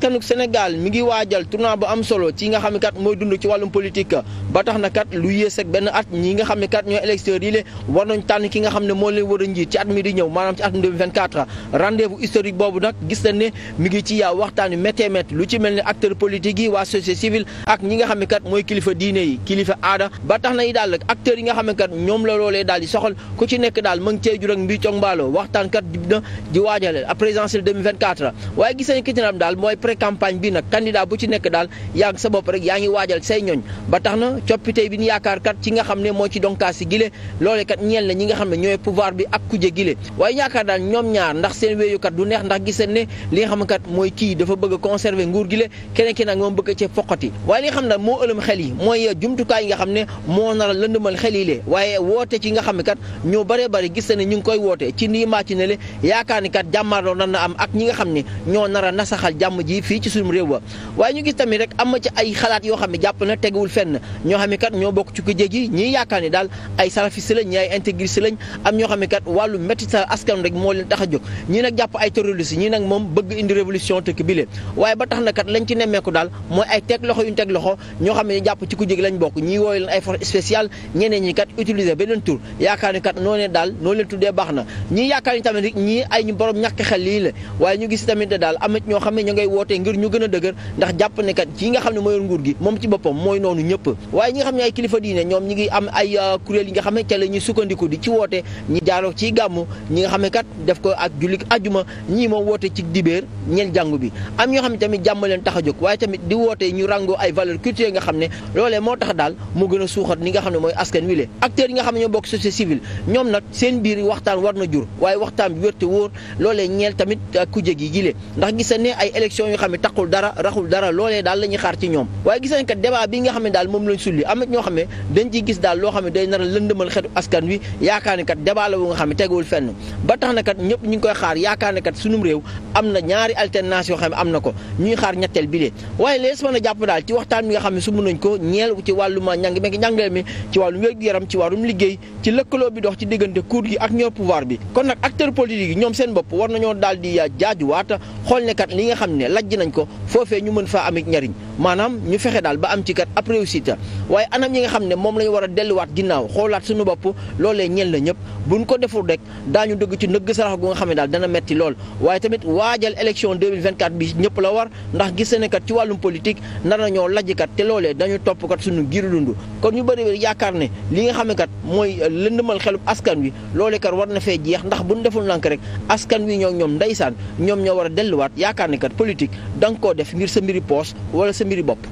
askanu Sénégal mi ngi waajal tournoi bu am solo ci nga xam ne kat mooy dund ci wàllum politique ba tax na kat lu yées benn at ñi nga xam ne kat ñooy électeurs yi la war nañ tànn ki nga xam ne moo leen war a njiit ci at mi di ñëw maanaam ci atum 2024 rendez-vous historique boobu nag gis nañ ne mi ngi ci yaa waxtaan yu méttee métti lu ci mel ne acteurs politiques yi waa société civile ak ñi nga xam ne kat mooy kilifa diine yi kilifa aada ba tax na yi daal acteurs yi nga xam ne kat ñoom la loolee daal di soxal ku ci nekk daal ma ngi cey jur ak mbii cog après campagne bi nag candidat bu ci nekk daal yaa ngi sa bopp rek yaa ngi waajal say ñooñ ba tax na coppite bi ñu yaakaar kat ci nga xam ne moo ci donkaasi gile loole kat ñeel xam ne ñooy pouvoir bi ak kuje gile waaye yaakaar daal ñoom ñaar ndax seen wéyukat du neex ndax giseen ne li nga dafa bëgg a conserver nguur gile keneen ki nag moom bëgg cee foqati waaye li nga xam yi mooy xam ne moo nar a lëndëmal xel waaye woote ci nga xam ne kat ñoo bëree bëri gis ne ñu ngi koy woote ci nii màcc na le yaakaar ni kat jàmmaarloo nan am ñi nga xam ne ñoo nar nasaxal jàmm ji yi fii ci suñu réew wa waaye ñu gis tamit rek am ci ay xalaat yoo xam jàpp na teguwul fenn ñoo xam kat ñoo bokk ci ko jéegi ñiy yaakaar ni daal ay salafiste lañ ñi ay intégriste lañ am ñoo xam kat wàllu méttital askan rek moo leen tax a jóg ñii nag jàpp ay terroriste ñii nag moom bëgg indi révolution tëkk bi lee waaye ba tax na kat lañ ci nemmeeku daal mooy ay teg loxo yu ñu teg loxo ñoo xam ne jàpp ci ku jéegi lañ bokk ñii wooyu leen ay force la waaye ñu gis tamit daal am ñoo xam wootee ngir ñu gën a dëgër ndax jàpp ne kat yi nga xam ne mooy nguur gi moom ci boppam mooy noonu ñëpp waaye ñi nga xam ne ay kilifa diine ñoom ñi ngi am ay euh, kuréel yi nga xam ne ca la ñuy sukkandiku di ci woote ñi jaaroo ciy gàmmu ñi nga xam ne bi am ñoo xam ne tamit jàmm leen tax a jóg waaye tamit di woote ñu ràngoo ay valeur nga xam ne loolee moo tax daal mu gën a suuxat li nga xam ne mooy askan wi le acteurs yi nga xam ne ñoo bokk société civile ñoom nag seen biir waxtaan war na jur waaye waxtaan bi wérte wóor loolee ñeel tamit euh, kujje gi gile ndax gis ne ay élection xam ne taxul dara raxul dara loolee daal la ñuy xaar ci ñoom waaye gis nañ kat débat bi nga xam ne daal moom lañ sulli am na ñoo xam ne dañ ciy gis daal loo xam ne day a lëndëmal xetu askan wi yaakaar ne kat débat la bu nga xam ne teguwul fenn ba na kat ñëpp ñu ngi koy xaar yaakaar ne kat am ne am na ko ñuy xaar ñetteel bi lee waaye lees mën a daal ci waxtaan bi nga xam ne sumb nañ ko ñeel ci wàllum ñangi mekk njàngale mi ci wàllum wér-gu-yaram ci wàllum liggéey ci lëkkaloo bi dox ci diggante cour seen bopp war nañoo daal di jaajuwaat xool ne kat li nga xam ne laj sajj nañ ko foofee ñu mën faa amit njariñ maanaam ñu fexe daal ba am ci kat ab réussite waaye anam yi nga xam ne moom la ñu war a delluwaat ginnaaw xoolaat suñu bopp loolee ñeel na ñëpp buñ ko deful rek ñu dëgg ci nëgg sarax gu nga xam ne daal dana metti lool waaye tamit waajal élection 2024 bi ñëpp la war ndax gis na kat ci wàllum politique nar nañoo kat te loolee dañu topp kat suñu giiru dund kon ñu bëri yaakaar ne li nga xam ne kat mooy lëndëmal xelub askan wi loolee kat war na fee jeex ndax buñ deful lank rek askan wi ñoo ñoom ndeysaan ñoom ñoo war a delluwaat yaakaar ne politique da nga koo def ngir sa mbiri poos wala sa mbiri bopp